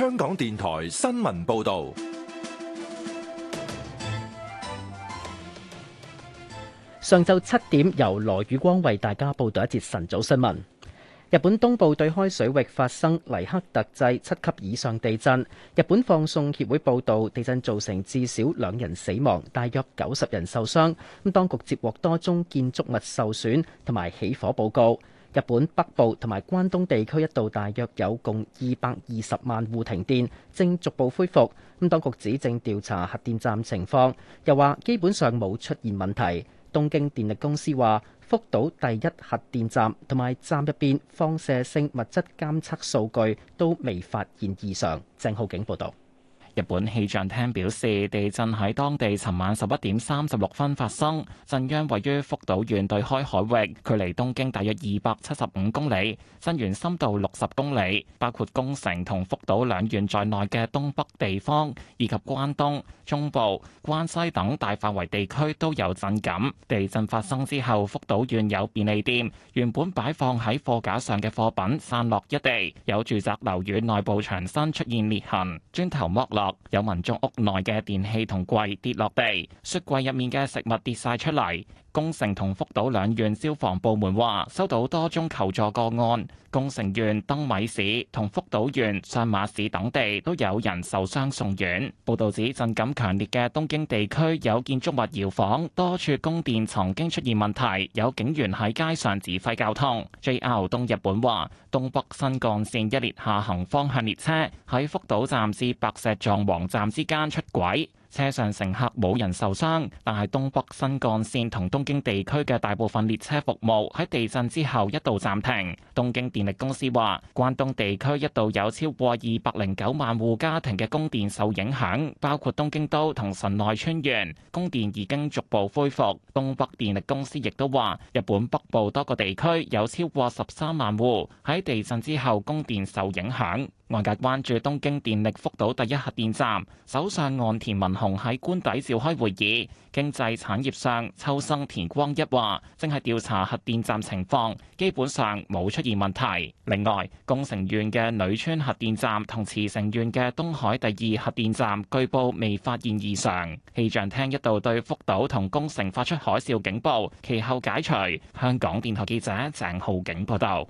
香港電台新聞報道，上晝七點由羅宇光為大家報道一節晨早新聞。日本東部對開水域發生黎克特制七級以上地震。日本放送協會報道，地震造成至少兩人死亡，大約九十人受傷。咁當局接獲多宗建築物受損同埋起火報告。日本北部同埋關東地區一度大約有共二百二十萬戶停電，正逐步恢復，咁當局指正調查核電站情況，又話基本上冇出現問題，東京電力公司話福島第一核電站同埋站入邊放射性物質監測數據都未發現異常。鄭浩景報道。日本氣象廳表示，地震喺當地尋晚十一點三十六分發生，震央位於福島縣對開海域，距離東京大約二百七十五公里，震源深度六十公里。包括宮城同福島兩縣在內嘅東北地方，以及關東、中部、關西等大範圍地區都有震感。地震發生之後，福島縣有便利店原本擺放喺貨架上嘅貨品散落一地，有住宅樓宇內部牆身出現裂痕，磚頭剝落。有民眾屋內嘅電器同櫃跌落地，雪櫃入面嘅食物跌晒出嚟。宮城同福島兩縣消防部門話收到多宗求助個案，宮城縣登米市同福島縣上馬市等地都有人受傷送院。報導指震感強烈嘅東京地區有建築物搖晃，多處供電曾經出現問題，有警員喺街上指揮交通。JR 東日本話東北新幹線一列下行方向列車喺福島站至白石站站站之間出軌，車上乘客冇人受傷，但係東北新幹線同東京地區嘅大部分列車服務喺地震之後一度暫停。東京電力公司話，關東地區一度有超過二百零九萬戶家庭嘅供電受影響，包括東京都同神奈川縣，供電已經逐步恢復。東北電力公司亦都話，日本北部多個地區有超過十三萬戶喺地震之後供電受影響。外界關注東京電力福島第一核電站，首相岸田文雄喺官邸召開會議。經濟產業相，秋生田光一話，正係調查核電站情況，基本上冇出現問題。另外，宮城縣嘅女川核電站同茨城縣嘅東海第二核電站據報未發現異常。氣象廳一度對福島同宮城發出海嘯警報，其後解除。香港電台記者鄭浩景報道。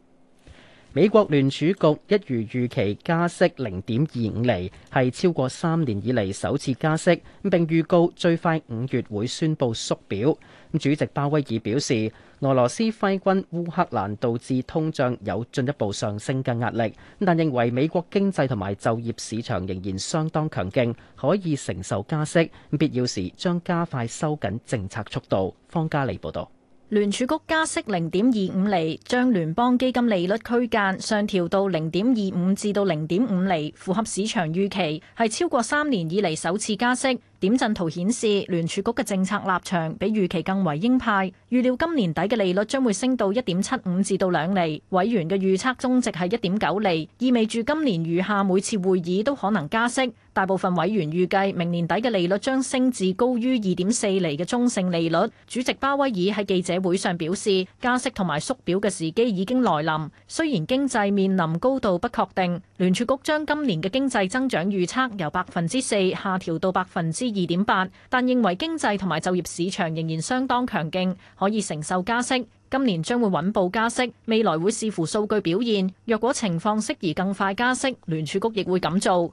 美國聯儲局一如預期加息零點二五厘，係超過三年以嚟首次加息，並預告最快五月會宣布縮表。主席鮑威爾表示，俄羅斯揮軍烏克蘭導致通脹有進一步上升嘅壓力，但認為美國經濟同埋就業市場仍然相當強勁，可以承受加息，必要時將加快收緊政策速度。方嘉利報道。聯儲局加息零點二五厘，將聯邦基金利率區間上調到零點二五至到零點五厘，符合市場預期，係超過三年以嚟首次加息。點陣圖顯示聯儲局嘅政策立場比預期更為鷹派，預料今年底嘅利率將會升到一點七五至到兩厘。委員嘅預測中值係一點九厘，意味住今年餘下每次會議都可能加息。大部分委員預計明年底嘅利率將升至高於二點四厘嘅中性利率。主席鮑威爾喺記者會上表示，加息同埋縮表嘅時機已經來臨。雖然經濟面臨高度不確定，聯儲局將今年嘅經濟增長預測由百分之四下調到百分之。二點八，8，但認為經濟同埋就業市場仍然相當強勁，可以承受加息。今年將會穩步加息，未來會視乎數據表現。若果情況適宜，更快加息，聯儲局亦會咁做。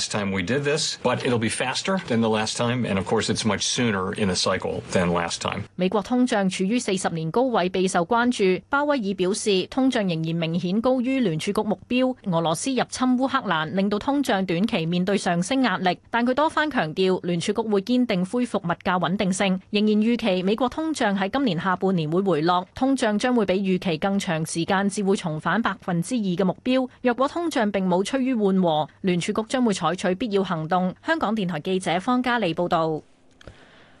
Time we did this, but it'll be faster than the last time, and of course, it's much sooner in a cycle than last time. 美國通脹處於四十年高位，備受關注。鮑威爾表示，通脹仍然明顯高於聯儲局目標。俄羅斯入侵烏克蘭令到通脹短期面對上升壓力，但佢多番強調，聯儲局會堅定恢復物價穩定性。仍然預期美國通脹喺今年下半年會回落，通脹將會比預期更長時間至會重返百分之二嘅目標。若果通脹並冇趨於緩和，聯儲局將會採取。採取必要行動。香港電台記者方嘉莉報道。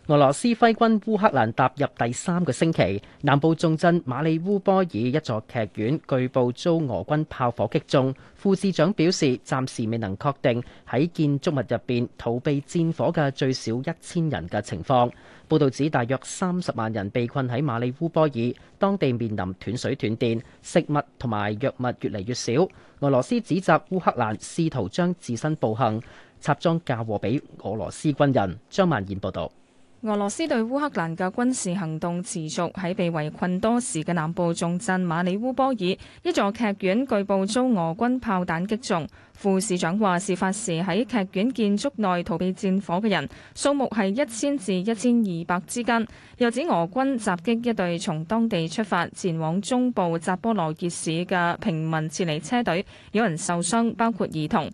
俄羅斯揮軍烏克蘭踏入第三個星期，南部重鎮馬里烏波爾一座劇院據報遭俄軍炮火擊中。副市長表示，暫時未能確定喺建築物入邊逃避戰火嘅最少一千人嘅情況。報道指，大約三十萬人被困喺馬里烏波爾，當地面臨斷水斷電、食物同埋藥物越嚟越少。俄羅斯指責烏克蘭試圖將自身暴行插贓嫁禍俾俄羅斯軍人。張萬燕報導。俄羅斯對烏克蘭嘅軍事行動持續，喺被圍困多時嘅南部重鎮馬里烏波爾，一座劇院據報遭俄軍炮彈擊中。副市長話，事發時喺劇院建築內逃避戰火嘅人數目係一千至一千二百之間。又指俄軍襲擊一隊從當地出發前往中部扎波羅熱市嘅平民撤離車隊，有人受傷，包括兒童。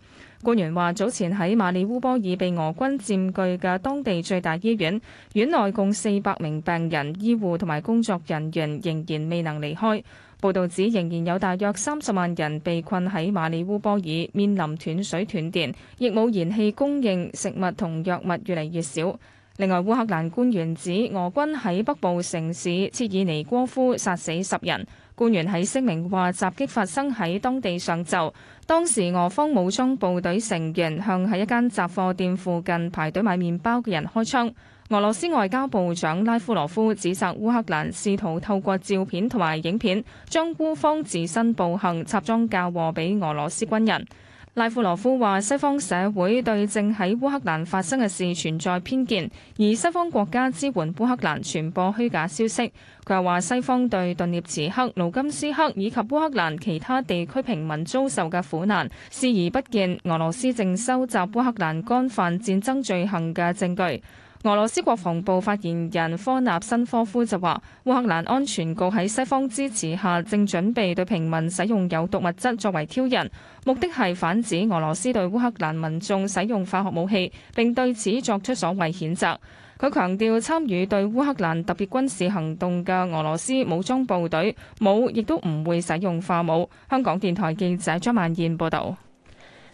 官員話，早前喺馬里烏波爾被俄軍佔據嘅當地最大醫院，院內共四百名病人、醫護同埋工作人員仍然未能離開。報導指，仍然有大約三十萬人被困喺馬里烏波爾，面臨斷水斷電，亦冇燃氣供應，食物同藥物越嚟越少。另外，烏克蘭官員指，俄軍喺北部城市切爾尼戈夫殺死十人。官員喺聲明話，襲擊發生喺當地上晝，當時俄方武裝部隊成員向喺一間雜貨店附近排隊買麵包嘅人開槍。俄羅斯外交部長拉夫羅夫指責烏克蘭試圖透過照片同埋影片，將烏方自身暴行插裝嫁禍俾俄羅斯軍人。拉夫羅夫話：西方社會對正喺烏克蘭發生嘅事存在偏見，而西方國家支援烏克蘭傳播虛假消息。佢又話：西方對頓涅茨克、盧金斯克以及烏克蘭其他地區平民遭受嘅苦難視而不見，俄羅斯正收集烏克蘭干犯戰爭罪行嘅證據。俄羅斯國防部發言人科納申科夫就話：烏克蘭安全局喺西方支持下，正準備對平民使用有毒物質作為挑釁，目的係反指俄羅斯對烏克蘭民眾使用化學武器，並對此作出所謂譴責。佢強調，參與對烏克蘭特別軍事行動嘅俄羅斯武裝部隊，冇亦都唔會使用化武。香港電台記者張萬燕報道。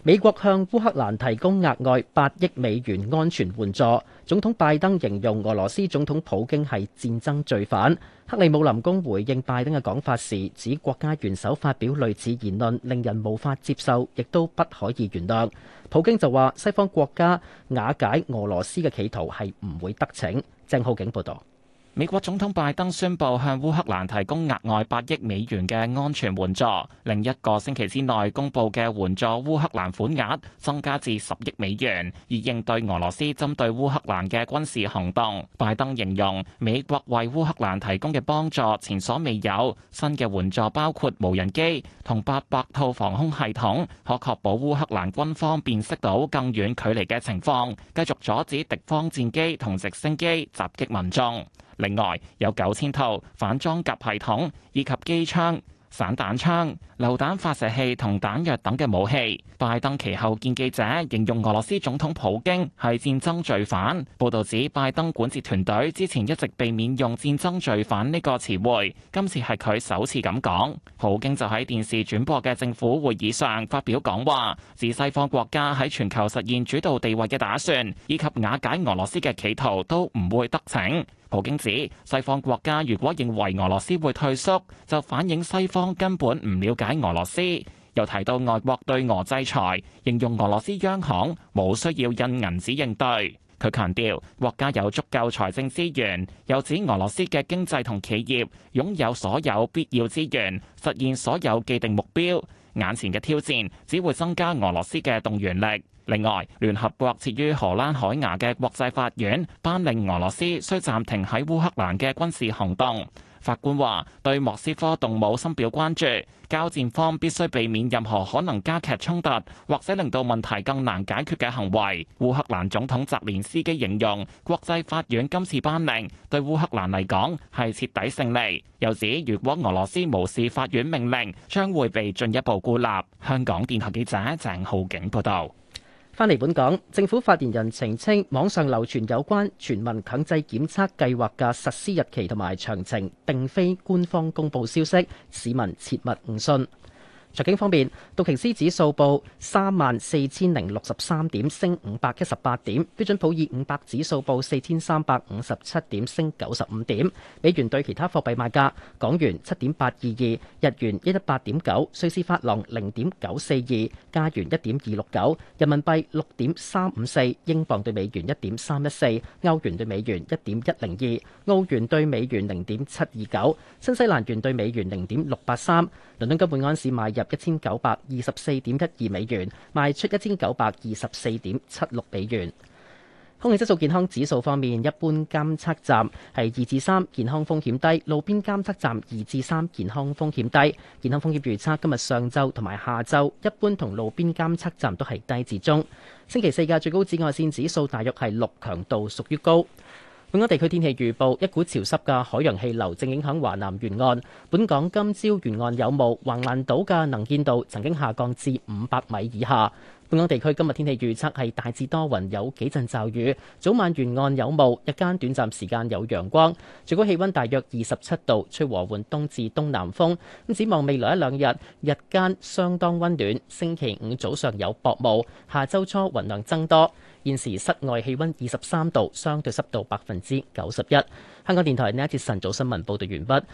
美國向烏克蘭提供額外八億美元安全援助。總統拜登形容俄羅斯總統普京係戰爭罪犯。克里姆林宮回應拜登嘅講法時，指國家元首發表類似言論令人無法接受，亦都不可以原諒。普京就話：西方國家瓦解俄羅斯嘅企圖係唔會得逞。鄭浩景報道。美國總統拜登宣布向烏克蘭提供額外八億美元嘅安全援助，另一個星期之內公布嘅援助烏克蘭款額增加至十億美元，以應對俄羅斯針對烏克蘭嘅軍事行動。拜登形容美國為烏克蘭提供嘅幫助前所未有，新嘅援助包括無人機同八百套防空系統，可確保烏克蘭軍方辨識到更遠距離嘅情況，繼續阻止敵方戰機同直升機襲擊民眾。另外，有九千套反裝甲系統，以及機槍、散彈槍、榴彈發射器同彈藥等嘅武器。拜登其後見記者形容俄羅斯總統普京係戰爭罪犯。報道指，拜登管治團隊之前一直避免用戰爭罪犯呢個詞彙，今次係佢首次咁講。普京就喺電視轉播嘅政府會議上發表講話，指西方國家喺全球實現主導地位嘅打算，以及瓦解俄羅斯嘅企圖都唔會得逞。普京指，西方國家如果認為俄羅斯會退縮，就反映西方根本唔了解俄羅斯。又提到外國對俄制裁，形容俄羅斯央行冇需要印銀紙應對。佢強調，國家有足夠財政資源。又指俄羅斯嘅經濟同企業擁有所有必要資源，實現所有既定目標。眼前嘅挑戰只會增加俄羅斯嘅動員力。另外，聯合國設於荷蘭海牙嘅國際法院頒令俄羅斯需暫停喺烏克蘭嘅軍事行動。法官話：對莫斯科動武深表關注，交戰方必須避免任何可能加劇衝突或者令到問題更難解決嘅行為。烏克蘭總統澤連斯基形容國際法院今次頒令對烏克蘭嚟講係徹底勝利，又指如果俄羅斯無視法院命令，將會被進一步孤立。香港電台記者鄭浩景報道。返嚟本港，政府發言人澄清，網上流傳有關全民強制檢測計劃嘅實施日期同埋詳情，並非官方公布消息，市民切勿誤信。財經方面，道瓊斯指數報三萬四千零六十三點，升五百一十八點；標準普爾五百指數報四千三百五十七點，升九十五點。美元對其他貨幣賣價：港元七點八二二，日元一一八點九，瑞士法郎零點九四二，加元一點二六九，人民幣六點三五四，英鎊對美元一點三一四，歐元對美元一點一零二，澳元對美元零點七二九，新西蘭元對美元零點六八三。倫敦金本安市賣入。一千九百二十四點一二美元賣出一千九百二十四點七六美元。空氣質素健康指數方面，一般監測站係二至三，健康風險低；路邊監測站二至三，健康風險低。健康風險預測今日上晝同埋下晝，一般同路邊監測站都係低至中。星期四嘅最高紫外線指數大約係六，強度屬於高。本港地區天氣預報，一股潮濕嘅海洋氣流正影響華南沿岸。本港今朝沿岸有霧，橫瀾島嘅能見度曾經下降至五百米以下。本港地區今日天氣預測係大致多雲，有幾陣驟雨，早晚沿岸有霧，日間短暫時間有陽光。最高氣溫大約二十七度，吹和緩東至東南風。咁展望未來一兩日，日間相當溫暖。星期五早上有薄霧，下周初雲量增多。現時室外氣溫二十三度，相對濕度百分之九十一。香港電台呢一節晨早新聞報道完畢。